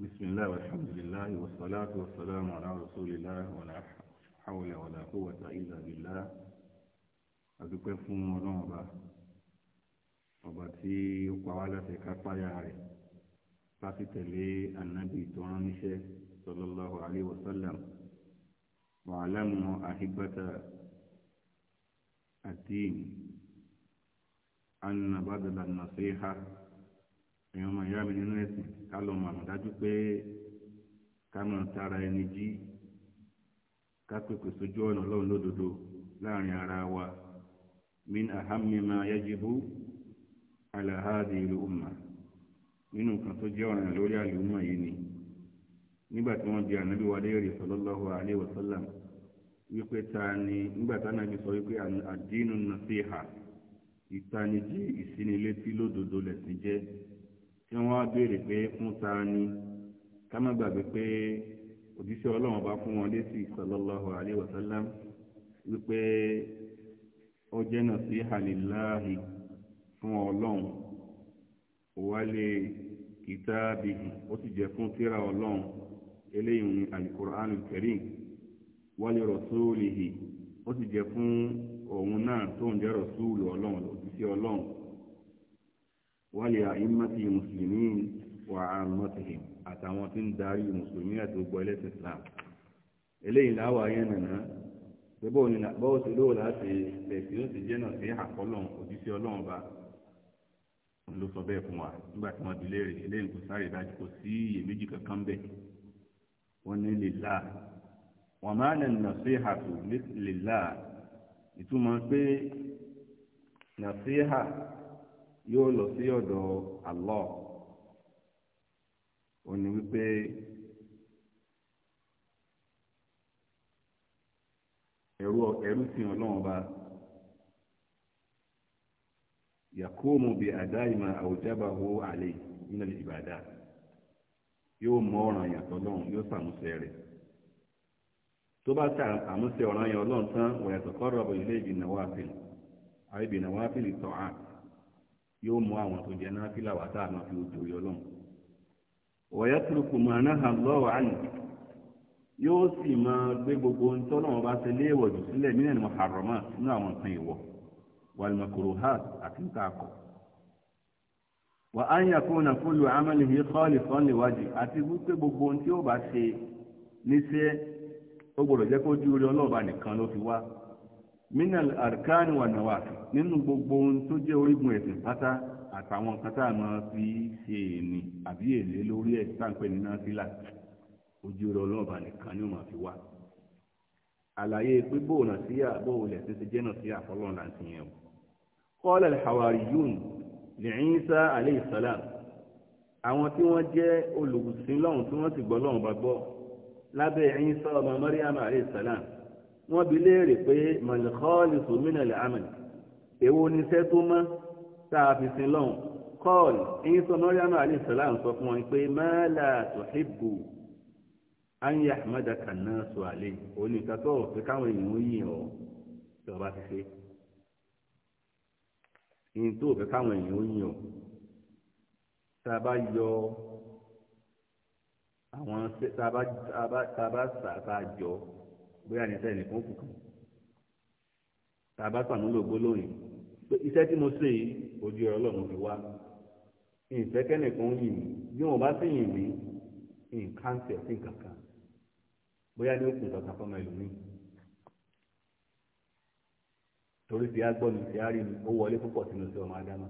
بسم الله والحمد لله والصلاة والسلام على رسول الله ولا حول ولا قوة إلا بالله adúpẹ́ fún ọlọ́run ọba ọba tí ó pa wá láti kápáyà rẹ̀ láti tẹ̀lé ànábì tó rán níṣẹ́ sallallahu alaihi wasallam wa alamu ahibata ad-din anna badala an-nasiha. èèyàn ọmọ ìyá mi nínú ẹ̀sìn ká lọ mọ̀ àmọ̀ dájú pé ká tara ẹni jí ká pèpè sójú ọ̀nà ọlọ́run lódodo láàrin ara wa min ahammi ma yajibu ala hadhihi umma nínú nǹkan tó jẹ́ ọ̀ràn lórí àlùmọ̀ yìí ni nígbà tí wọ́n bi ànábì wa léèrè wa wípé ta ni nígbà ànábì sọ wípé ìtanijí lódodo lẹ̀sìn jẹ́ tí wọ́n á béèrè pé fún ta ni ká má gbàgbé pé òjíṣẹ́ ọlọ́run bá fún wọn létí sallallahu alaihi wasallam wípé ó jẹ́ nasiha fún òwálé ó sì fún tírà ọlọ́run eléyìí ní alukur'an karim wálé ó fún òun náà tó ń wálé àìmọ́tì mùsùlùmí wà àmọ́tìhìn àtàwọn tí ń darí mùsùlùmí àti gbogbo ẹlẹ́sìn Islam eléyìí láwà yẹn nàná pé bóun ni bọ́ọ̀ sí lóò láti tẹ̀sí ó sì jẹ́nà sí àkọ́lọ̀ òjíṣẹ́ ọlọ́run ba ló sọ bẹ́ẹ̀ fún wa nígbà tí wọ́n di léèrè eléyìí kò sáré dájú kò sí iyèméjì kankan bẹ́ẹ̀ wọ́n ní lèlá wọ́n máa nà nàṣíhàtù lèlá ìtumọ̀ pé nàṣíhà yóò lọ sí ọ̀dọ̀ Allah ó ní wípé ẹ̀rú ẹ̀rú sí ọlọ́run ọba yakumu bi adaima awjabahu alayhi nínú ibada yóò mọ ọ̀ràn yàtọ̀ lọ́run yóò sàmúsẹ rẹ̀ tó bá ta àmúsẹ ọ̀ràn yàn ọlọ́run tán wọ̀nyàtọ̀ kọ́ rọ̀bù ilé ìbìnà wáfìlì àìbìnà wáfìlì tọ́ àti yóò mú àwọn tó jẹ náà fílà wá tá a máa fi ojú yọ lọ́n wọ̀yẹ́ turuku máa náà hàn lọ́wọ́ àná yóò sì máa gbé gbogbo ohun tó náà bá ṣe léèwọ̀ jù sílẹ̀ nínú ẹ̀nu àrọ̀mọ́ nínú àwọn nǹkan ìwọ̀ wàlùmọ̀kòrò ha àti nǹkan akọ̀ wà á ń yàkó na fúlù amẹ́lìhì kọ́ọ̀lì sọ́ọ̀lì wájú àti wípé gbogbo ohun ó bá ṣe níṣẹ́ ó gbọ́dọ̀ jẹ́ kó jú orí ọlọ́ọ̀bá nìkan ló fi wá minal arkani wa nawafi nínú gbogbo ohun tó jẹ́ orígun ẹ̀sìn pátá àtàwọn nǹkan tá a máa fi ṣe èèní àbí èlé lórí ẹ̀ sáǹpẹ̀ ní násílà ojú rẹ ọlọ́ọ̀bà nìkan ni ó máa fi wá àlàyé pé bóò nà sí àbóò lẹ̀ sí ti jẹ́ nà sí àfọlọ́n láti yẹn o qala al-hawariyun li Isa alayhi salam àwọn tí wọ́n jẹ́ olùsìn lọ́hùn tí wọ́n sì gbọ́ lọ́hùn bá gbọ́ lábẹ́ Isa ọmọ Maryam alayhi salam wọ́n bi léèrè pé mọ̀lẹ́kọ́ọ̀lì sòmínà lẹ́hàmìn èwo níṣẹ́ tó mọ́ tá a fi sin lọ́hùn kọ́ọ̀lì ẹ̀yin sọ mọ́ríàmù àlẹ́sọ̀lá ń sọ fún wọn pé mẹ́lá tòhíbù ányà mẹ́dàkà náà sọ àlẹ́ òní ìtàtọ̀ pé káwọn èèyàn yìn ọ́ tí ọba ti ṣe ìyìn tó fẹ́ káwọn èèyàn yìn ọ́ tá a bá yọ àwọn tá a bá tá a bá tá a jọ bóyá ní ẹsẹ̀ nìkan kù kan tá a bá sàmúlò gbólóyìn pé iṣẹ́ tí mo ṣe yìí ojú ọ̀rọ̀ lọ́mọ fi wá ìfẹ́kẹ́nìkan yìn mí bí wọn bá sì yìn mí nǹkan tẹ̀ sí nǹkan kan bóyá ní òkun kankan fọmọ ẹlòmíì torí ti á gbọ́ mi ti á rí mi ó wọlé púpọ̀ sínú sí ọmọ ádámà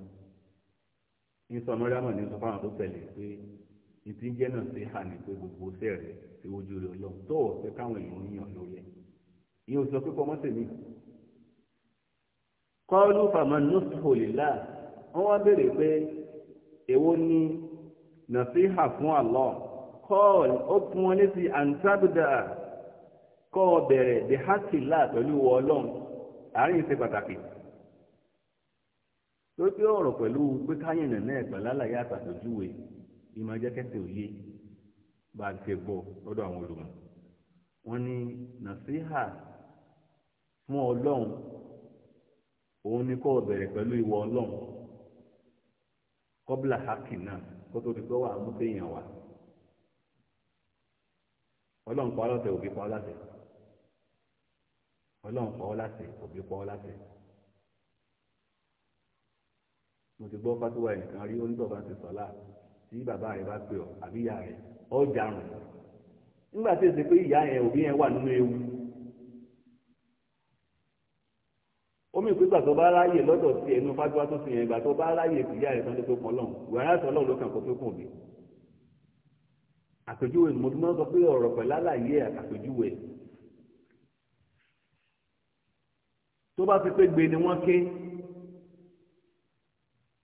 ní sọmọ ádámà ní sọ fáwọn tó tẹ̀lé pé ìtìjẹ́ náà ṣe hà ní pé gbogbo sẹ́ẹ̀rẹ́ síwájú rẹ Ọlọ́run tó o fẹ́ káwọn èèyàn yàn lórí ẹ ìyẹn ò sọ pé kọmọ tèmi kọlu faman nusuhu lillah wọn wá béèrè pé èwo ni nàfíhà fún Allah kọl ó fún wọn létí àǹtábùdà kọ bẹ̀rẹ̀ bí hákìlá pẹ̀lú Ọlọ́run àárín ìṣe pàtàkì tó pé ọ̀rọ̀ pẹ̀lú pé káyìn nàná ẹ pẹ̀lú àlàyé àtàtòjúwe ìmọ̀ jẹ́kẹ́sẹ̀ òye bá a ṣe gbọ́ lọ́dọ̀ àwọn olùmọ̀ wọ́n ní nàṣíhà fún ọlọ́run òun ni kó o bẹ̀rẹ̀ pẹ̀lú ìwọ ọlọ́run kọ́bílà hakin náà kó tó di pé wà á mú kéèyàn wá ọlọ́run pa ọlọ́tẹ̀ òbí pa ọlọ́tẹ̀ ọlọ́run pa ọlọ́tẹ̀ òbí pa ọlọ́tẹ̀ mo ti gbọ́ fatuwa ẹ̀kan rí onítọ̀ọ̀bá ti sọ̀lá tí bàbá rẹ̀ bá pè ọ́ àbíyá rẹ̀ ọjà rùn nígbà tí èsì pé ìyá yẹn òbí yẹn wà nínú ewu omi ìpínpà tó bá ráyè lọ́dọ̀ sí ẹnu fájúwá tó fi yẹn ìgbà tó bá ráyè ìyá rẹ̀ tán tó tó pọ̀ lọ́hùn wàrà àti ọlọ́run ló kàn kó tó kùn òbí àpèjúwe mo ti máa ń sọ pé ọ̀rọ̀ pẹ̀lú àlàyé àpèjúwe tó bá fi pé gbe ni wọ́n ké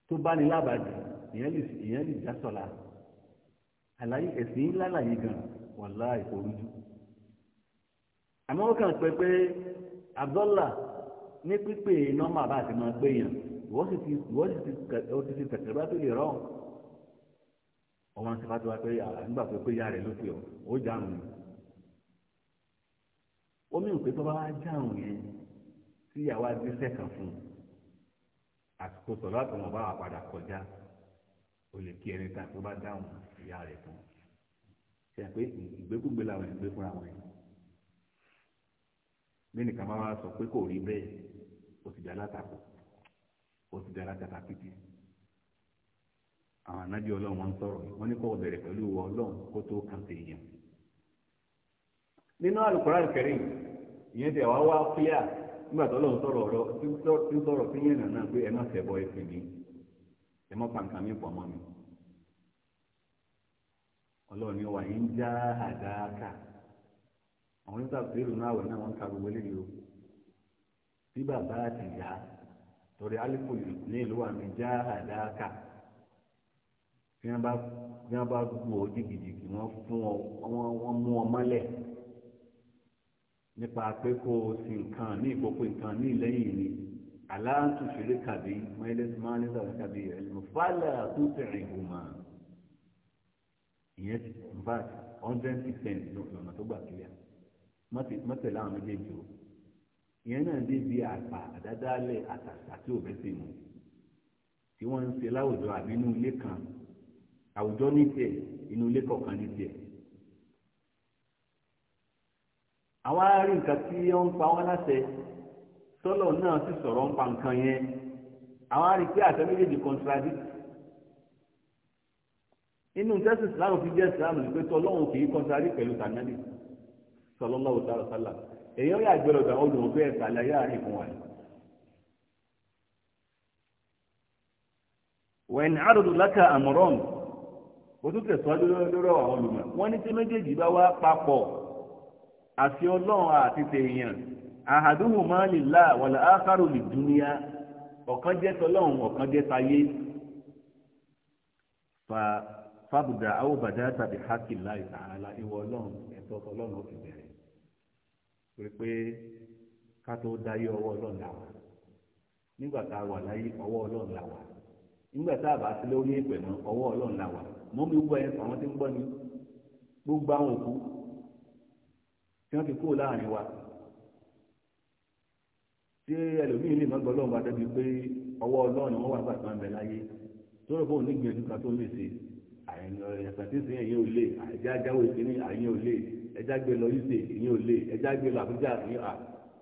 tó bá ní lábàdì ìyẹn lè já sọ̀la àlàyé ẹ̀sìn lálàyé gan wàlá ìforújú àmọ́ ó kàn pé pé abdullah ní pípé nọ́mbà bá ti máa pé yàn wọ́n sì ti wọ́n sì ti ti tẹ̀sẹ̀ bá tó lè rọ̀ ọmọ àti fatiwa pé àgbà pé pé ya rẹ̀ ló fi ọ̀ ó jáàmù ni ó mìíràn pé tó bá wá jáàmù yẹn tí ìyàwó adé sẹ́kàn fún un àsìkò sọ̀rọ̀ àtọ̀mọ̀ bá wà padà kọjá o lè kí ẹni ta tó bá dáhùn ìyá rẹ̀ tán ṣe àpé ìgbékúgbé làwọn ìgbé fúnra wọn yìí bí nìkan máa wá sọ pé kò rí bẹ́ẹ̀ o ti dá látakò o ti dá látàkà pìtì àwọn anájọ ọlọ́run wọn ń sọ̀rọ̀ wọn ní kó o bẹ̀rẹ̀ pẹ̀lú ìwọ ọlọ́run kó tó kàn sí èèyàn nínú Al-Qur'an Karim ìyẹn tẹ wá wá fíà nígbà tó lọ́run sọ̀rọ̀ ọ̀rọ̀ tí ń sọ̀rọ̀ sí yẹn nàná pé ẹ má fẹ́ bọ́ ẹ fi mi mọ́ pàǹkà mi pọ̀ mọ́ mi ọlọ́run ni wà ń já àdáàkà àwọn nígbà tó èrò náà wẹ̀ náà wọ́n ń ka gbogbo eléyìí o bí bàbá àti ìyá torí alifu ní ìlú wa mi já àdáàkà bí wọ́n bá bí wọ́n bá gbù ọ́ jìgìjìgì wọ́n fún ọ wọ́n mú ọ mọ́lẹ̀ nípa pé kó o sì nǹkan ní ìkókó nǹkan ní ìlẹ́yìn ni aláǹtù ṣeré kàbí mẹ́lẹ́sì máa ní sọ̀rọ̀ kàbí ẹ̀lùmọ̀ fàlà tó tẹ̀rìn ìhùmà ìyẹn ti in fact hundred percent lọ́nà tó gbà kílíà mọ́tẹ̀lá àwọn méjèèjì o ìyẹn náà dé bí àpà àdádálẹ̀ àtàtà tí ò bẹ́sẹ̀ mu tí wọ́n ń ṣe láwùjọ àbí inú ilé kan àwùjọ ní tiẹ̀ inú ilé kọ̀ọ̀kan ní tiẹ̀. àwọn arí tí wọ́n ń pa wọ́n láṣẹ tọ́lọ̀ náà sì sọ̀rọ̀ ń pa nǹkan yẹn àwọn arí pé àṣẹ méjèèjì contradict inú tẹ́sí ìsìláàmù fi jẹ́ ìsìláàmù ni pé tọ́lọ́hún kì í contradict pẹ̀lú tànádì sallallahu ta'ala sálà èèyàn yà gbẹ́rọ̀ dà ó dùn pé ẹ̀ka àlàyé àárín fún wa ni. wẹ̀n àròdù lákà àmọ̀rán o tún tẹ̀síwájú lórí àwọn olùmọ̀ wọ́n ní tí méjèèjì bá wá papọ̀ àti ọlọ́run àti tèèyàn ahaduhuma lillah wal akharu lid dunya ọ̀kan jẹ́ tọ́lọ́hún ọ̀kan fa àwòbàdà tàbí haqillahi la ìwọ ọlọ́run ẹ̀tọ́ ọlọ́run òfin bẹ̀rẹ̀ pé pé ká tó dáyé ọwọ́ ọlọ́run là nígbà tá a wà láyé ọwọ́ ọlọ́run là nígbà tá a bá lórí ìpè mọ́ ọwọ́ ọlọ́run mọ́ mi gbọ́ ẹ àwọn tí ń gbọ́ wa tí ẹlòmíì lè má gbọ́ lọ́wọ́ bá débi pé ọwọ́ ọlọ́run ni wọ́n wà gbàgbọ́ ń bẹ láyé tó rò fóun nígbìyànjú kan tó lè ṣe àyìn ẹ̀sán tí ń sìn yẹn ò lè àìjá jáwé ìkíní àyìn ò lè ẹjá gbé lọ ìṣe ìyẹn ò lè ẹjá gbé lọ àbújá ìyẹn à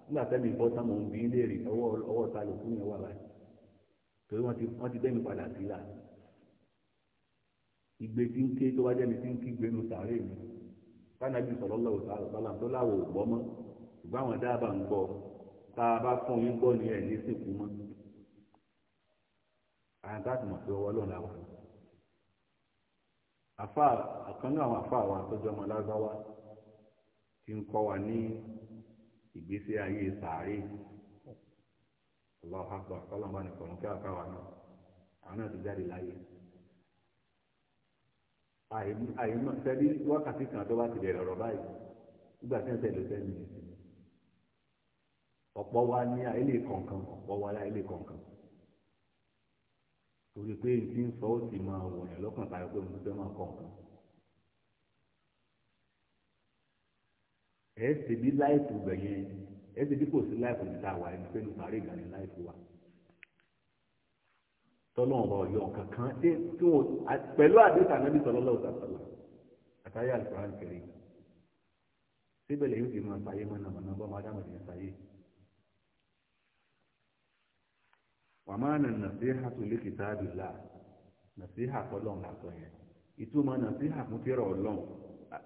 nígbà tẹ́mi bọ́ sáwọn òbí ń léèrè ọwọ́ ọwọ́ ta lòkú yẹn wà báyìí torí wọ́n ti wọ́n ti dẹ́mi padà sí là ìgbé tí ń ké tó wá jẹ́mi tí ń kí gbénu sàárè mi kánájú sọ̀rọ̀ lọ́wọ́ sàrọ̀ sọ́là tó láwọ̀ ò ṣùgbọ́n àwọn dáàbà ń gbọ́ tá a bá fún yín gbọ́ ní ẹ̀ ní sìnkú mọ́ àwọn táàtì mọ̀ pé ọwọ́ lòun la wà àfa àkànnú àwọn àfa àwọn àtọ́jú ọmọ lágbáwá ti ń kọ́ wa ní ìgbésí ayé sàárè ọlọ́wọ́ àgbà kọ́lọ́mbà nìkan ló kí àfa wa náà àwọn náà ti jáde láyé àyè sẹ́ni wákàtí kan tó bá ti bẹ̀rẹ̀ ọ̀rọ̀ báyìí nígbà tí wọ́n tẹ̀lé sẹ́ni ọ̀pọ̀ wa ní àìlè kọ̀ọ̀kan ọ̀pọ̀ wa ní àìlè kọ̀ọ̀kan torí pé n ti ń sọ ó sì máa wọ̀nyàn lọ́kàn tayọ pé mo fẹ́ máa kọ̀ọ̀kan. ẹ ṣe bí láìpù gbẹ̀yẹn ẹ ṣe bí kò sí láìpù níta wà ẹni pé nípa rí ìgbàlẹ̀ láìpù wa tọ́lọ́wọ́n bá ọ̀yọ́ kankan tí wọ́n pẹ̀lú àdéhùn ànábì sọlọ́lọ́ òtàtàlà àtàyà àlùkò àǹkẹ́rì síbẹ̀ lẹ́yìn tí wọ́n sáyé mọ́nàmọ́ná bọ́ máa dáhùn ìyẹn sáyé wà máa nà nàṣíhà tó lè kìtà àdìlá nàṣíhà tọ́lọ́n làtọ̀ yẹn ìtumọ̀ nàṣíhà fún tẹ́rọ ọlọ́n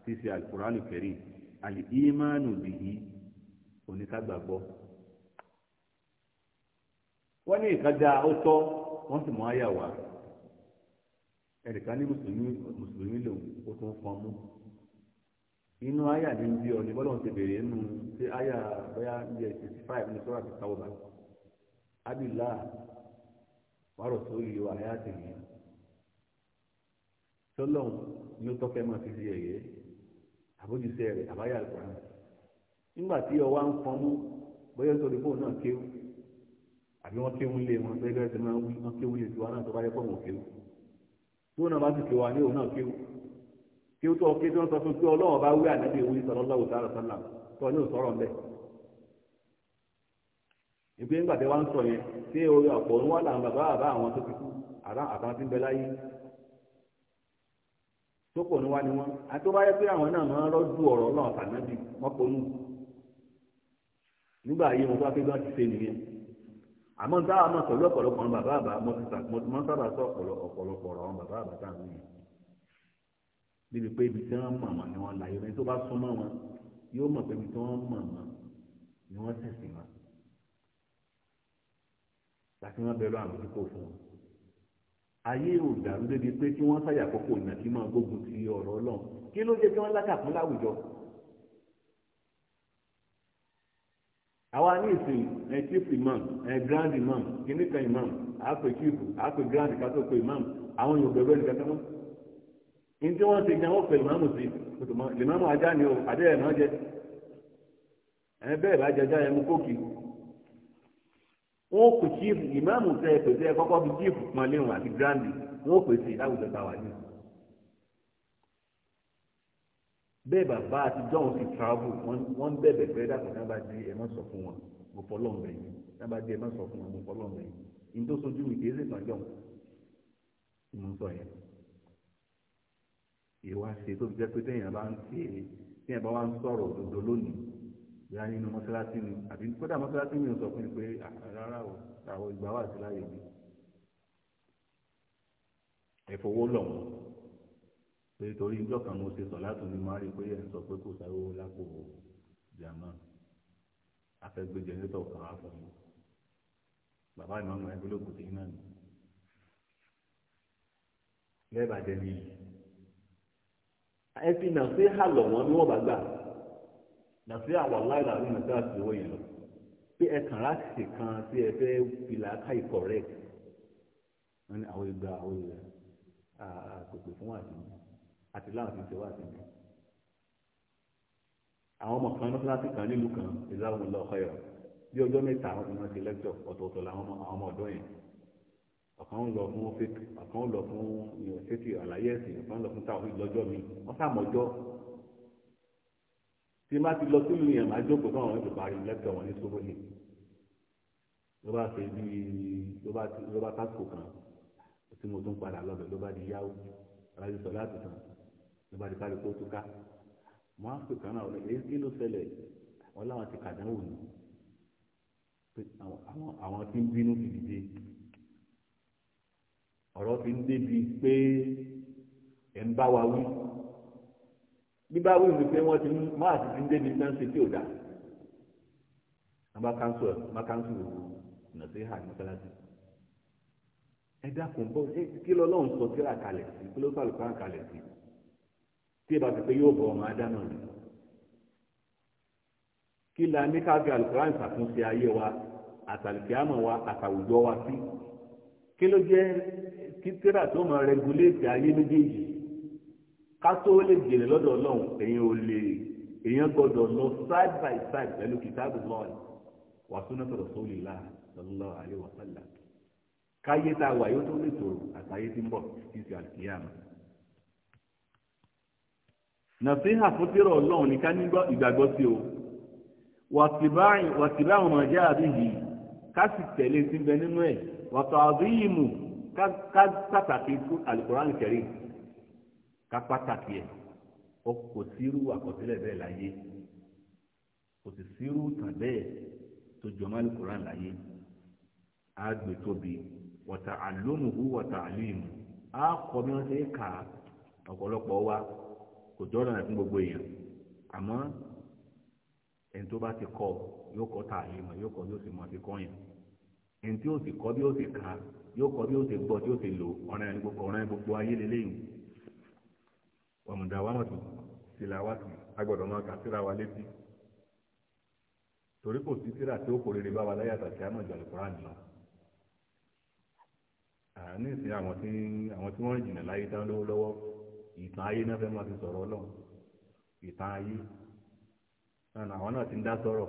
ti ṣe alukurani kẹrin àlè ìmánu bìyí oníkàgbàgbọ́ wọ́n ní ìkájà ó tọ́ wọ́n sì mọ àyà wá ẹnìkan ní mùsùlùmí lòun ó tún fọn mú inú àyà ní bí ọ ní bọ́lá òun ti bèrè nínú ṣé àyà bóyá bíi sixty five ní sọ́ra ti sáwọ́ báyìí abilá wàrọ̀ tó yí wa ayá tèmi tọ́lọ́hún ni ó tọ́kẹ́ máa fi di ẹ̀yẹ́ àbójúṣe rẹ̀ àbáyà àlùkòrán nígbà tí ọwá ń fọnú bóyá nítorí bóun náà kéwù àbí wọ́n kéwù lé wọn bẹ́ẹ̀ bẹ́ẹ̀ tó máa ń wí wọ́n kéwù lé tiwa náà tó bá yẹ pọ̀ wọn kéwù tí wọn náà bá sì kéwà ní òun náà kéwù kéwù tó ọkẹ́ tí wọ́n sọ fún pé ọlọ́wọ́n bá wí ànábì ìwé sọ̀rọ̀ lọ́wọ́ sọ̀rọ̀ tó ọ ìgbé ńgbà tẹ wá ń sọ yẹn ṣé orí ọ̀pọ̀ ń wá làwọn bàbá bàbá àwọn tó ti kú àtàwọn tí ń bẹ láyé tó pọ̀ ní wá ni wọ́n àti tó bá yẹ pé àwọn náà máa ń rọ́jú ọ̀rọ̀ náà tànàbí wọ́n ponú nígbà ayé wọn bá pé bá ti ṣe nìyẹn àmọ́ níta àwọn sọ̀rọ̀ ọ̀pọ̀lọpọ̀ àwọn bàbá àbá mo ti sábà sọ ọ̀pọ̀lọpọ̀ àwọn bàbá àbá tá à ń yìí níbi pé ibi tí wọ́n mọ̀ mọ̀ ni wọ́n láyé ẹni tó bá súnmọ́ wọn yóò mọ̀ pé ibi tí wọ́n mọ̀ mọ̀ ni wọ́n tẹ̀sí wọn. láti wọn bẹ̀rù àmójútó fún wọn ayé ò dàrú débi pé kí wọ́n sáyà àkókò ìnà kí máa gbógun ti ọ̀rọ̀ Ọlọ́run kí ló jẹ́ kí wọ́n lákàtún láwùjọ. àwa ní ìsìn ẹ chief imam ẹ grand imam kìnnìkan imam àápè chief grand kátó imam àwọn yóò bẹ̀rù ẹnì kankan mọ́. ní tí wọ́n ti sí ajá ni o àdéhùn náà jẹ ẹ bá wọn ò pè chief ìmáàmù tẹ ẹ pèsè ẹ kọ́kọ́ bí chief pọn léwọn àti grandi wọn ò pèsè láwùjọ tá a wà ní. bẹ́ẹ̀ bàbá àti john ti travel wọ́n ń bẹ̀bẹ̀ pé dàpọ̀ náà bá di ẹ̀ má sọ fún wọn mo fọlọ́ ń bẹ̀ yín náà bá di ẹ̀ má sọ fún wọn mo fọlọ́ ń bẹ̀ yín ní sojú mi kìí ṣètàn john mo ń sọ yẹn. ìwà ṣe tó fi jẹ́ pé téèyàn bá ń ṣe téèyàn bá wá ń sọ̀rọ̀ òdodo lónìí bóyá nínú mọ́sálásí ni àbí kódà mọ́sálásí mi ò sọ fún mi pé ah, rárá o àwọn ìgbà wà sí láàyè mi ẹ̀fọ́wó lọ̀ wọ́n pé torí ìjọ kan mo ṣe sọ láti ní máa rí i pé ẹ̀ ń sọ pé kò sáré owó lápò jàmá afẹ́gbé jẹnẹtọ̀ kan á fún mi bàbá ìmọ̀ọ́mọ ẹgbẹ́ lókùn tí náà ni lẹ́ẹ̀bàjẹ́ ni yìí ẹ fi nà sí hà lọ̀ wọ́n ní wọ́n bá gbà nàfi àwọn aláìlà ní nàìjíríà àti owó yẹn lọ pé ẹ kàn láti kan sí ẹ fẹ́ ìlà ká ikọ̀ rẹ̀ wọ́n ní àwọn ìgbà àwọn ìlà àpèpè fún wàásù àti láwọn ti ń ṣe wàásù mi àwọn ọmọ kan mọ́sálásí kan nílùú kan ìzáwọn ọlọ́ ọ̀kọ́ yọ bí ọjọ́ mẹ́ta àwọn ọmọ ti lẹ́kítọ̀ ọ̀tọ̀ọ̀tọ̀ làwọn ọmọ ọ̀dọ́ yẹn ọ̀kan ń lọ fún ọ̀kan ń lọ fún fẹ́kì àlàyé ẹ̀sìn ọ̀kan ń lọ fún táwọn ìlọ́jọ́ mi wọ́n tí má ti lọ sílùú yẹn máa jókòó fún àwọn ètò parí lẹ́tọ̀ wọn ní sọ́wọ́ yìí ló bá fẹ́ bí ló bá tásìkò kan tí mo tún padà lọ́bẹ̀ ló bá di yáwó alájú sọ láti tàn ló bá di kárí kó túká mo á pè kan náà ọ̀rẹ́ èyí kí ló ṣẹlẹ̀ wọn láwọn ti kàdánwò ni àwọn tí ń bínú ti ọ̀rọ̀ ti ń débi pé ẹ̀ ń bá wa wí bíbá wí mi pé wọ́n ti mú máa ti ti ń débi náà ṣe tí ò dá àbá kánṣu ẹ̀ má kánṣu ọ̀nà sí hà ní fẹ́lẹ́sì ẹ dákun bọ́ kí lọ́lọ́run sọ kíra kalẹ̀ sí kí ló sàlùkọ́ àkàlẹ̀ sí tí ẹ bá ti pé yóò bọ̀ ọmọ ádámọ̀ ni kí la ní ká fi alukuran ṣàtúnṣe ayé wa àtàlùkíámọ̀ wa àtàwùjọ wa sí kí ló jẹ́ kí tíra tó máa rẹguléètì ayé méjèèjì ká tó lè jèrè lọ́dọ̀ ọlọ́run èyàn ò lè èyàn gbọ́dọ̀ lọ side by side pẹ̀lú kìtàbù lọ́ọ̀lì wà súná tọ̀rọ̀ sóòlì là lọ́lọ́ àlẹ́ wà sálà káyé tá a wà yóò tó lè tòrò àtàyé tí ń bọ̀ kí sì àkíyàmù. nàfíhà fún tírọ̀ ọlọ́run ní ká nígbọ́ ìgbàgbọ́ sí o wàtíbá àwọn ọmọ ajá àbíyí ká sì tẹ̀lé sí bẹ nínú ẹ̀ wàtò àbíyí mù ká pàtàkì Al-Qur'an Karim ká pàtàkì ẹ̀ ó kò sírú àkọsílẹ̀ bẹ́ẹ̀ láyé kò sì sírú tàn bẹ́ẹ̀ tó jọmọ́ alukoran láyé á gbé tóbi wọ̀tà àlómùhù wọ̀tà àlùmù á kọ́ bí wọ́n ṣe kà á ọ̀pọ̀lọpọ̀ wa kò jọ́nà fún gbogbo èèyàn àmọ́ ẹni tó bá ti kọ́ yóò kọ́ tààlímù yóò kọ́ yóò sì mọ̀ sí kọ́yìn ẹni tí yóò sì kọ́ bí yóò sì kà yóò kọ́ bí yóò sì gbọ́ tí yóò sì lò ọ̀ràn ẹni gbogbo ayé lélẹ́yìn wàmùdà wàmùtù tìlàwàtì agbọ́dọ̀ máa kà síra wa létí torí kò sí síra tí ó kò rere bá wa láyé àtàkì àmọ́ ìjọ alukoran lọ àní ìsìn àwọn tí àwọn tí wọ́n jìnnà láyé tán lówó lọ́wọ́ ìtàn ayé náà fẹ́ máa fi sọ̀rọ̀ Ọlọ́run ìtàn ayé náà àwọn náà ti ń dá sọ̀rọ̀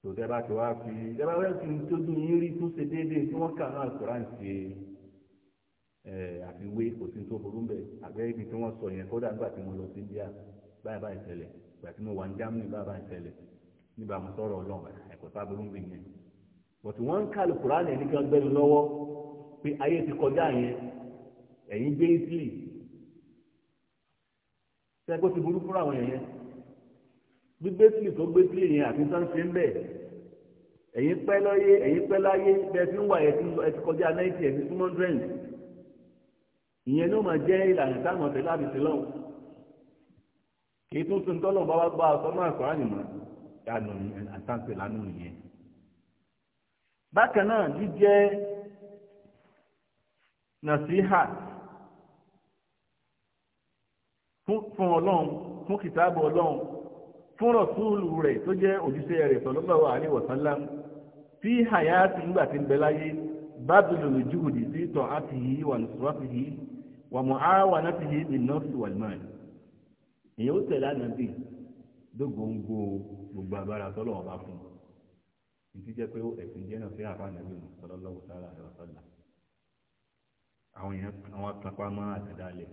tòtẹ́ bá ti wá fi ẹ bá wẹ́ẹ́ fi tójú yín rí tó ṣe déédéé tí wọ́n kà náà alukoran ṣe é. Eh, àfiwé kò sí tó burú bẹ àbẹ́ ibi tí wọ́n sọ yẹn kódà nígbà tí mo lọ sí India báyìí báyìí ṣẹlẹ̀ ìgbà tí mo wà ní Germany báyìí báyìí ṣẹlẹ̀ nígbà mo sọ̀rọ̀ ọlọ́run ẹ̀kọ́ tá burú bẹ yẹn bọ̀tí wọ́n ń kálù kùránì ẹni kan gbẹ́nu lọ́wọ́ pé ayé ti kọjá yẹn ẹ̀yin gbé Italy sẹ́gbó ti burú fúnra àwọn yẹn gbígbé Italy tó gbé Italy yẹn àti sáńsì ń bẹ̀ ẹ̀yin pẹ́ lọ́yé ẹ̀yin pẹ́ láyé bẹ́ẹ̀ fi ń wà ẹ̀ ti kọjá ninety ẹ̀ ti two ìyẹn ló máa jẹ́ ìlànà táwọn ọ̀tẹ̀ láti ti lọ́wọ́ kì í tún tún tọ́lọ̀ bá wá gbá ọ̀tọ́ náà kọ́ra nìmọ̀ ìyànà àtàǹpẹ̀ lánàá nìyẹn. bákan náà jíjẹ́ nàṣíhà fún ọlọ́run fún kìtàbù ọlọ́run fún rọ̀túùlù rẹ̀ tó jẹ́ òjíṣẹ́ rẹ̀ sallallahu alaihi wasallam fi hayati nígbà tí ń bẹ láyé bábìlì lójúùdì sí ìtàn àti yìí wà lùsùwàfì yìí wà mọ̀ á wà náà ti di ìnáfi wà lùmọ́ọ̀n èyí ó tẹ̀lé ànábì dógóńgó gbogbo agbára tọ́lọ̀ ọba fún un ìdí jẹ́ pé ẹ̀sìn jẹ́ náà fẹ́ràn fún ànábì mu sallallahu ta'ala alaihi wasallam àwọn èèyàn àwọn akápá máa àtẹ̀dálẹ̀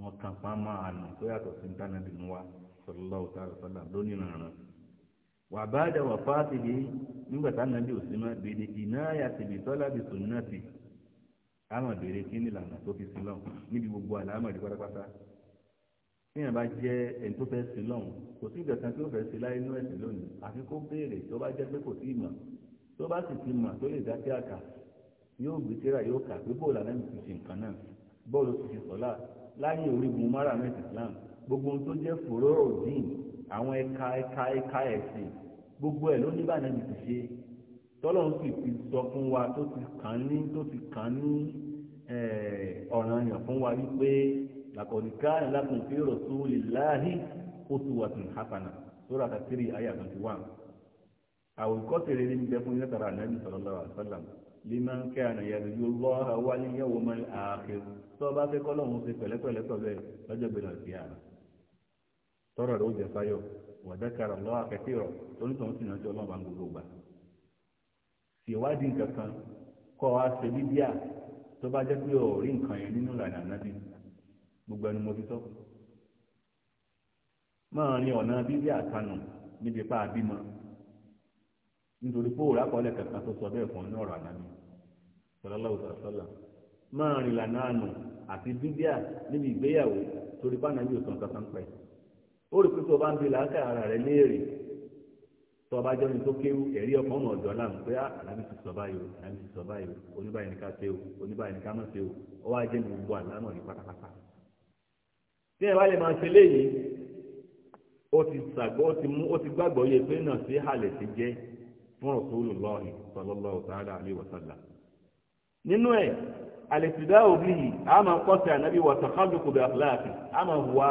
wọn kan máa àná tó yàtọ̀ sí ntánàbì mu wa sallallahu ta'ala alaihi wasallam lónìí nàrán wà bá dẹ̀ wà fáàtì yìí nígbà tánàbì ò káwọn béèrè kí ní ìlànà tó fi sí lọ́hùn níbi gbogbo àlámọ̀ ìdí pátápátá tíyàn bá jẹ́ ẹni tó fẹ́ sí lọ́hùn kò sí ìgbẹ̀kan tí ó fẹ́ sí láyé inú ẹ̀sìn lónìí àfi kó béèrè tó bá jẹ́ pé kò sí ìmọ̀ tó bá sì ti mọ̀ tó lè dá sí àkà yóò gbé tíra yóò kà pé bóòlù àlẹ́ mi ti ṣe nǹkan náà bóòlù ti ṣe sọ́lá láyé orígun mara mẹ́tì Islam gbogbo ohun tó jẹ́ fòró òdìn àwọn ẹ̀ka ẹ̀ka ẹ̀ka ẹ̀sìn gbogbo ẹ̀ ló ní bá tọ́lọ́run sì ti sọ fún wa tó ti kàn ní tó ti kàn ní ọ̀ràn yàn fún wa wípé làkọ̀díkà lakum fi rasulillahi uswatun hasana sura tàtírì ayé àtúntì wà. àwòkọ́ tèrè ní bẹ fún yẹn tara ànábì sallallahu alaihi wasallam liman kana yarjullaha wal yawmal akhir tó bá fẹ́ kọ́lọ́hún ṣe pẹ̀lẹ́pẹ̀lẹ́ pẹ̀lú ẹ̀ lọ́jọ́ gbẹ̀rẹ̀ sí àná tọ́rọ̀ rẹ̀ ó jẹ sáyọ̀ wa dhakara Allaha kathira onítọ̀hún sì náà ti ọlọ́run bá ń gbogbo gbà. ṣèwádìí nǹkan a kọ́ wa ṣe bíbíà tó bá jẹ́ pé o rí nǹkan yẹn nínú ìlànà gbogbo mo sọ. máa rin ọ̀nà bíbíà kanu níbi pa àbímọ nítorí pé kọ́lẹ̀ kankan tó sọ bẹ́ẹ̀ fún ọ ní ọ̀rọ̀ ànábì máa rin ìlànà àánú àti bíbíà níbi ìgbéyàwó torí o bá ń bi ara rẹ léèrè tọba jọ ní tó kéwú ẹ̀rí ọkàn ọmọ ọ̀dọ́ náà pé ah, àlámì ti sọ báyìí o àlámì ti sọ báyìí o oníbàyìí ni ká ṣe o oníbàyìí ní ká má ṣe o ó wá jẹ́ ní gbogbo àlámọ̀ ní pátápátá. tí ẹ bá lè máa ṣe léyìí ó ti sàgbọ́ ó ti mú ó ti gbàgbọ́ yẹ pé náà sí àlẹ̀ ti jẹ́ fún ọ̀sọ́lù lọ́ọ̀hìn sallallahu ta'ala alaihi wa sallam. nínú ẹ̀ àlèsìdá òbí yìí a máa kọ́sẹ̀ ànábì wà sàkádùkù bí àfúláàfin a máa hùwà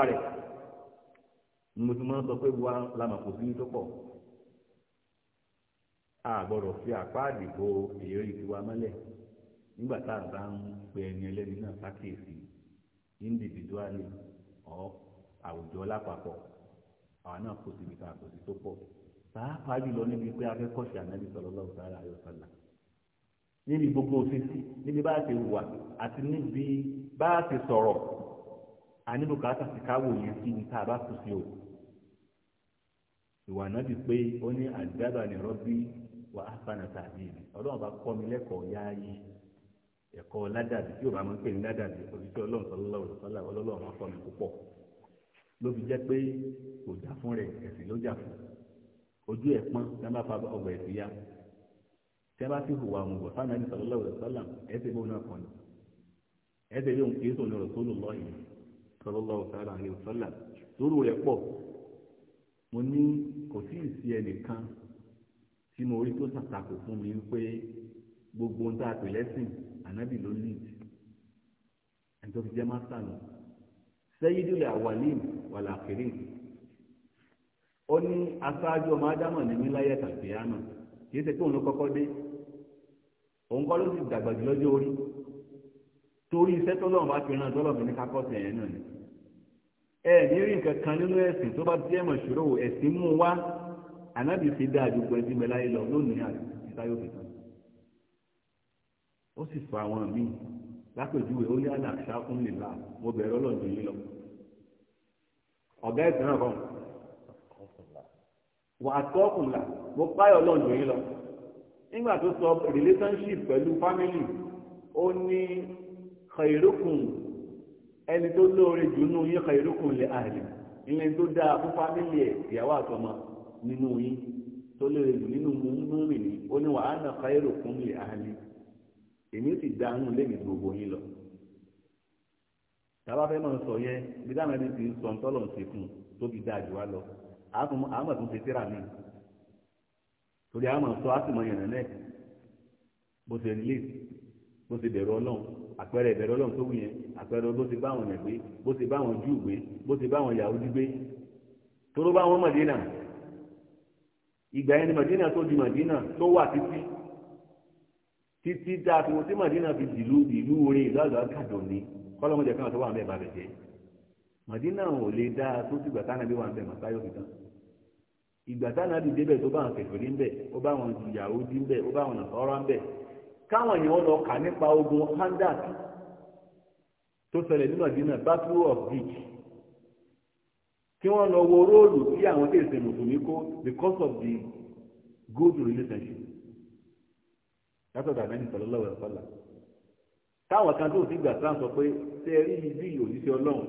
a gbọ́dọ̀ fi àpá àdìbò èyí tiwa mọ́lẹ̀ nígbà tá a bá ń pe ẹni ẹlẹ́ni náà sákèsì individually ọ̀ àwùjọ lápapọ̀ àwọn náà kò síbi kan àkòsí tó pọ̀ pàápàá jùlọ níbi pé akẹ́kọ̀ọ́sì ànábì sallallahu ta'ala alaihi wasallam níbi gbogbo òfìsí níbi bá a ti wà àti níbi bá a ti sọ̀rọ̀ àníbùkátà ti káwò yẹn sí ní tá a bá kù sí òkú. ìwà nábì pé ó ní àdìgbàgbà ní rọ́bì wà á fana tàbí ọlọ́run bá kọ́ mi lẹ́kọ̀ọ́ yá ẹ̀kọ́ ládàbí tí yorùbá máa ń pè ní ládàbí òṣìṣẹ́ ọlọ́run sọlọ́lá òṣìṣẹ́ ọlọ́run máa kọ́ mi púpọ̀ ló fi jẹ́ pé kò jà fún rẹ̀ ẹ̀sìn ló jà fún ojú ẹ̀ pọ́n tí wọ́n bá fa ọgbà mo ní kò tí ì sí ẹnìkan tí mo rí tó ṣàtakò fún mi pé gbogbo ohun tá a pè lẹ́sìn ànábì ló lead ẹni tó fi jẹ́ master nù sayyidul awwalin wal akhirin ó ní aṣáájú ọmọ ádámọ̀ ní míláyà tàbí àná kì í ṣe pé òun ló kọ́kọ́ dé òun kọ́ ló sì dàgbà jù lọ́jọ́ orí torí iṣẹ́ tó lọ́wọ́ bá fi ràn tọ́lọ́mì ní kákọ́sì ẹ̀yẹn náà ni ẹ ní rí nǹkan kan nínú ẹ̀sìn tó bá jẹ́ mọ̀ṣúrò ẹ̀sìn mú wá ànábì fi dá àdúgbò ẹtí mẹ́lá yìí lọ lónìí àtìsáyò fìtàn ó sì sọ àwọn míì lápèjúwe ó ní àlàáfíà fún mi là mo bẹ̀rẹ̀ ọlọ́dún yìí lọ ọ̀gá ẹ̀sìn náà kàn wà á tọ́ ọkùnlà mo páyọ̀ ọlọ́dún yìí lọ nígbà tó sọ relationship pẹ̀lú family ó ní khairukum ẹni tó lóore jù nínú yín khairukum li ahli ilé tó dáa fún fámìlì ẹ̀ ìyàwó àtọmọ nínú yín tó lóore jù nínú ni wa ana khairukum li ahli èmi sì dánú lẹ́mìí gbogbo yín lọ tàbá fẹ́ máa sọ yẹn bí ń sọ tọ́lọ̀ ń ṣe tó fi dáa jù wá lọ àmọ̀ tún ṣe síra mi torí àmọ̀ sọ á sì mọ bó ṣe bó ṣe bẹ̀rù ọlọ́run àpẹẹrẹ ìbẹ̀rù ọlọ́run tó wù yẹn àpẹẹrẹ bó ṣe bá àwọn ọ̀nà gbé bó ṣe bá àwọn Júù gbé bó ṣe bá àwọn Yahudi gbé tóró bá wọn Mọ̀dínà ìgbà yẹn ni Mọ̀dínà tó di Mọ̀dínà tó wà títí títí dáa tó tí Mọ̀dínà fi dìlú ìlú orin ìlú àgbà kàdùn ní kọ́lọ́mọdé kan tó wà ń bẹ́ẹ̀ jẹ́ Mọ̀dínà ò lè dáa tó ti gbàtánà bí wà ń bẹ̀ màtáyọ̀ fìdán ìgbàtánà dìde bẹ̀ tó bá àwọn kẹfìrí ń ó bá àwọn Yahudi ń bẹ̀ ó bá àwọn nàfọ́rọ́ ń káwọn èèyàn lọ kà nípa ogun handak tó ṣẹlẹ̀ nínú àdínà battle of bridge kí wọ́n lọ wo róòlù tí àwọn tí èsè mùsùlùmí kó because of the good relationship látọ̀ dàbẹ́ ní sọ̀rọ̀ lọ́wọ́ ẹ̀fọ́lá táwọn kan tó ti gbà sáà sọ pé ṣe rí ibi òṣìṣẹ́ ọlọ́run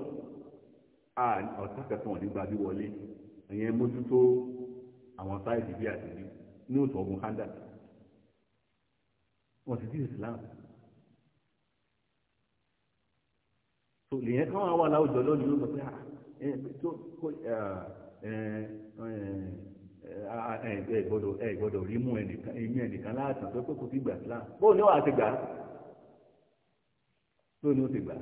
ọ̀tá kẹsàn-án wọn nígbà bí wọlé ẹ̀yẹn mójútó àwọn sáìdì bí àtìlú ní òtún ogun handak wọn sì ti islam So lèyìn kan wà láwùjọ lónìí ló sọ pé ah, tó kó ẹ gbọ́dọ̀ ẹ gbọ́dọ̀ rí mú ẹnìkan ẹmí ẹnìkan láàtàn tó kókó sí gbà islam bó ni wàá ti gbà tó ni ó ti gbà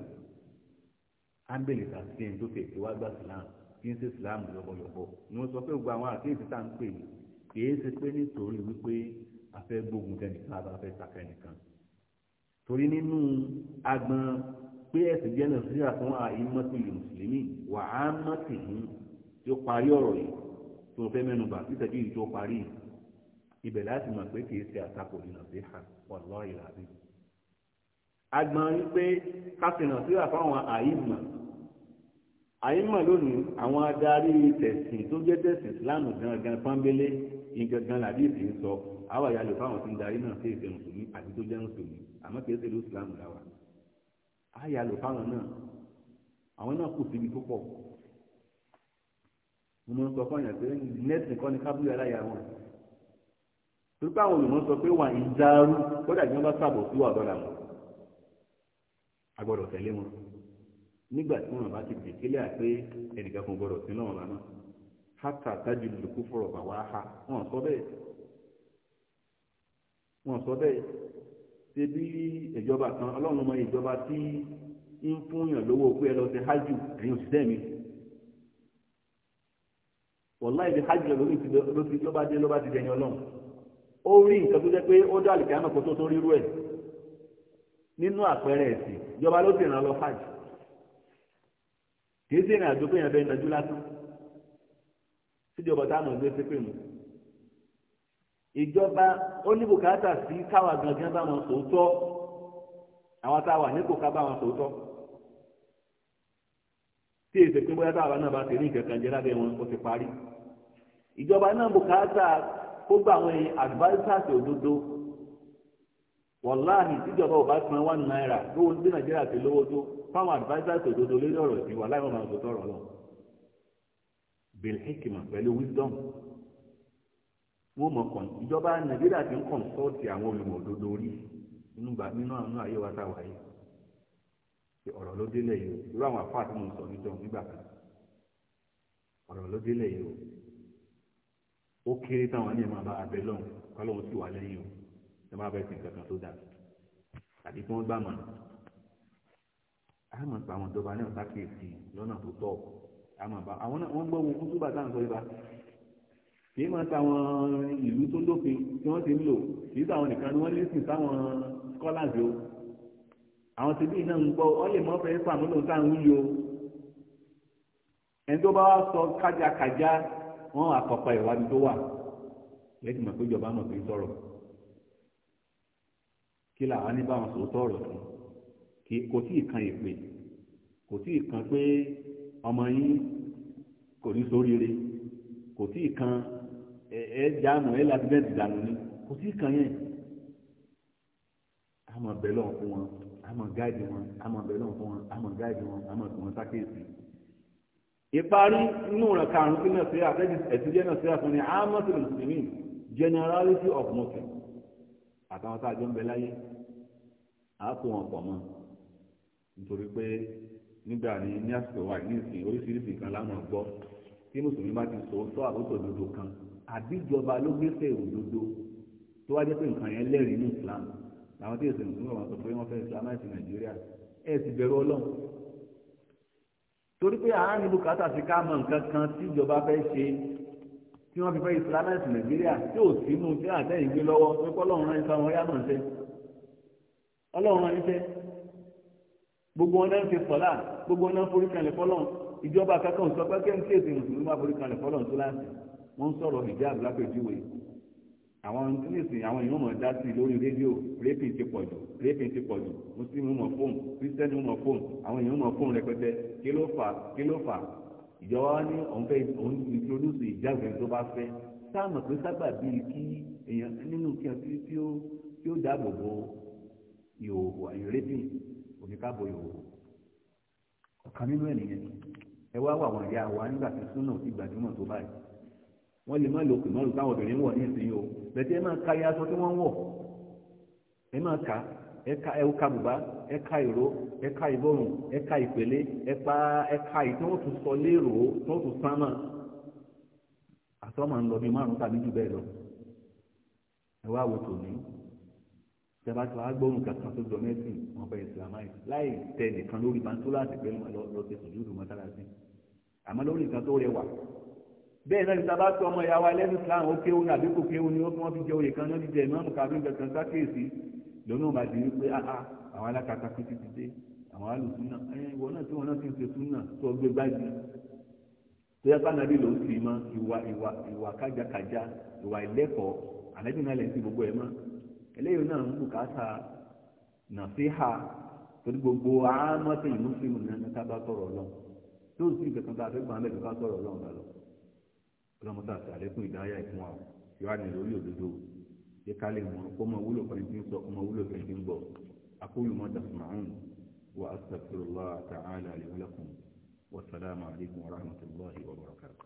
ámbẹ̀lì sàfihàn tó fèsì wá gbà islam kí n ṣe islam yọbọyọbọ ni wọn sọ pé gbogbo àwọn àti ìsìta ń pè kì í pé nítorí wípé afẹ́ gbógun tẹnìkan àbá afẹ́ takẹ́ nìkan torí nínú agbọn pé ẹ̀sìn jẹ́ nàìjíríà fún àìmọ́tò ìlú mùsùlùmí wà á mọ́tì yìí tí ó parí ọ̀rọ̀ yìí tí mo fẹ́ mẹ́nu bà títẹ̀jú yìí tó parí ibẹ̀ láti mọ̀ pé kì í ṣe àtakò ìlú nàìjíríà wallahi ìlàbí agbọn wípé káfíńnà síra fáwọn àìmọ̀ àyínmọ̀ lónìí àwọn adarí tẹ̀sìn tó jẹ́ tẹ̀sìn ìsìláàmù gangan pọ́nbélé ìgangan làdíìsì ń sọ àwọn àyà lè fáwọn tí ń darí náà sí ìfẹ́ mùsùlùmí àti tó jẹ́ mùsùlùmí àmọ́ kìí ṣe ìlú ìsìláàmù làwà àyà lè fáwọn náà àwọn náà kù síbi tó pọ̀ mo máa sọ fún àyàn pé nẹ́ẹ̀sì kọ́ ni kábúlì aláya wọn torípé àwọn olùmọ̀ sọ pé wà ń dárú kódà ìjọba sàbò sí wà wọn a tẹ̀lé wọn nígbà tí wọn bá ti dè kílẹ̀ pé ẹnìkan kan gbọdọ̀ sí náà lánàá hátà tájú lùkú fọ̀rọ̀ bà wá ha wọn sọ bẹ́ẹ̀ wọn sọ bẹ́ẹ̀ ṣe bí ìjọba kan ọlọ́run mọ ìjọba tí ń fúnyàn lówó pé ẹ lọ sí hajj ẹ̀yin òṣìṣẹ́ mi wọ̀láì bí hajj lórí ló bá dé ló bá ti dẹ̀yìn ọlọ́run ó rí nǹkan tó jẹ́ pé ó dá àlìkàmọ̀ kó tó tó rírú ẹ̀ nínú àpẹẹrẹ ẹ̀sìn ìjọba ló sì ràn lọ hajj kì í na ìrìn àjò péyàn fẹ́ ìnajú lásán síjọba táwọn ọ̀gbẹ́ ṣépè mu ìjọba ó ní bùkátà sí káwa gangan bá wọn sòótọ́ àwọn wọn sòótọ́ tí èsè pé bóyá táwa náà bá ti rí nǹkan kan jẹ lábẹ́ wọn ó naira Naijiria si fáwọn advisers òdodo lórí ọ̀rọ̀ ìsìn wa láìpẹ́ máa sọ̀tọ̀ ọ̀rọ̀ lọ bil hikima pẹ̀lú wisdom wọ́n mọ̀ kàn ìjọba nàìjíríà ti ń kọ̀ǹsọ́ọ̀tì àwọn olùmọ̀ òdodo rí nínú nínú ayé wa táwa yìí ṣe ọ̀rọ̀ ló délẹ̀ yìí o irú àwọn àfáà tí mo sọ níjọ nígbà kan ọ̀rọ̀ ló délẹ̀ yìí o ó kéré táwọn ní ẹ̀ máa lọ́hùn kọ́lọ́hún sì wà lẹ́yìn o ẹ máa bẹ sìn kankan tó dà tàbí kí wọ́n gbà àmọ̀ pa àwọn ìjọba náà sákèsì lọ́nà tó tọ́ àmọ̀ bá àwọn náà wọ́n gbọ́ ohun kútú bàtà ń sọ ibà kì í máa táwọn ìlú tó lófin tí wọ́n ti ń lò kì í táwọn nìkan ni wọ́n lè sìn táwọn scholars o àwọn tìbí náà ń gbọ́ ọ lè mọ́ fẹ́ sàmúlò táwọn ń yọ ẹni tó bá wá sọ kájàkájà wọn àkọ́pọ̀ ìwádìí tó wà lẹ́sìn mọ̀ pé ìjọba mọ̀ pé sọ̀rọ̀ kí làwọn ní báwọn sòótọ́ kò tí ì kan ìpè kò tí ì kan pé ọmọ yín kò ní sóríire kò tí ì kan ẹ ẹ jáàmù ẹ láti bẹ́ẹ̀ dìdànù ni kò tí ì kan yẹn a máa bẹ̀ lọ́wọ́ fún wọn a máa gáàdì wọn a máa lọ́wọ́ fún wọn a gáàdì wọn a máa tún sákèsì ìparí inú rẹ̀ karùn-ún sí náà sí àtẹ́jú ẹ̀tújẹ́ náà sí àtúnni amọ́sí mùsùlùmí generality of muslim àtàwọn tá a jọ ń bẹ láyé àá kó wọn pọ̀ mọ́ nítorí pé nígbà ní ní àsìkò wa ní ìsìn oríṣiríṣi nǹkan láwọn gbọ́ tí mùsùlùmí bá ti sọ sọ àkóso òdodo kan àbíjọba ló gbèsè òdodo tó wá jẹ́ pé nǹkan yẹn lẹ́rìí ní islam làwọn tí èsì mùsùlùmí wọn sọ pé wọ́n fẹ́ islamize nàìjíríà ẹ̀ sì bẹ̀rù ọlọ́run torí pé àárín bùkátà sí ká mọ nǹkan kan tí ìjọba fẹ́ ṣe tí wọ́n fi fẹ́ islamize nàìjíríà tí ò sínú tí àtẹ̀yìn gbé lọ́wọ́ pé kọ́ ọlọ́run rán iṣẹ́ wọn yá mọ̀ ṣe ọlọ́run rán iṣẹ́ gbogbo wọn náà ń fi sọlá gbogbo wọn náà ń forí kalẹ̀ fọlọ́n ìjọba kankan sọ pé kéwọn kéèsì mùsùlùmí máa forí kalẹ̀ fọlọ́n tó láti wọn ń sọ̀rọ̀ hijab lápèjúwe àwọn nísìnyí àwọn èèyàn mọ̀ dá sí lórí rédíò rẹ́pìn ti pọ̀ jù rẹ́pìn ti pọ̀ jù mùsùlùmí mọ̀ fóònù kírísítẹ́nì mọ̀ fóònù àwọn èèyàn mọ̀ fóònù rẹpẹtẹ kí ló fà kí ló fà ìjọba wa ní òun fẹ́ òun introduce hijab ẹni tó bá fẹ́ sáàmù pé sábà bíi kí èèyàn nínú kí ọ tí ó dáàbò bo ìhòòhò àyè rẹ́pìn oníkàbò ìhòòhò ọ̀kan nínú ènìyàn ẹ wá wà wọn ìyá wa tí súnà ti gbajúmọ̀ tó báyìí wọ́n lè má lo kùmọ́ lù táwọn ka ya aṣọ tí wọ́n ń wọ̀ ẹ máa ka ẹ ka ẹ ka bùbá ẹ ka ìró ẹ ka ẹ ka ẹ pa ẹ ka tí wọ́n tún sọ lérò tí wọ́n tún sán àtọ́ máa ń lọ bí márùn tẹ́lá tí wàá gbóhùn kankan tó jọ mẹ́sìn wọn bẹ ìsìlámáì láì tẹ nìkan lórí bantúláàsì pé lọ sí sùjúdù mọ́tàlásì àmọ́ lórí nǹkan tó rẹwà bẹ́ẹ̀ náà ní sábà tó ọmọ ìyá wa lẹ́nu islam ó kéwu ní àbíkó kéwu ni ó fi wọ́n fi jẹ oyè kan náà jíjẹ ìmọ̀ọ́mù kàbí kankan sákèèsì lónà máa di wípé aha ah, àwọn alákatá fi ti dé àwọn alùsùnà ẹ̀yìn ìwọ náà tí wọn náà ti ń ṣe súnà tó gbé gbájú tó yẹ fánàbí ló ń fi mọ ìwà ìwà ìwà kájàkájà ìwà ìlẹ́kọ̀ọ́ àlẹ́bí náà lẹ́sìn gbogbo ẹ̀ mọ́ eléyìí náà ń bùkátà nàfíhà torí gbogbo àmọ́tò yìí mùsùlùmí náà ní sábà sọ̀rọ̀ lọ tó sì kankan tá a fẹ́ gbọ́n abẹ́ ìdúgbà sọ̀rọ̀ lọ́wọ́ bá lọ. ọlọ́mọta àti àlékún ìdáyà ìfún wa yóò wá ní lórí òdodo yẹ ká lè mọ kó wúlò fún ẹni sọ kó wúlò fún ẹni bọ̀ akóyò mọ́ dàsùmáhùn wa astaghfirullah ta'ala li wa lakum wa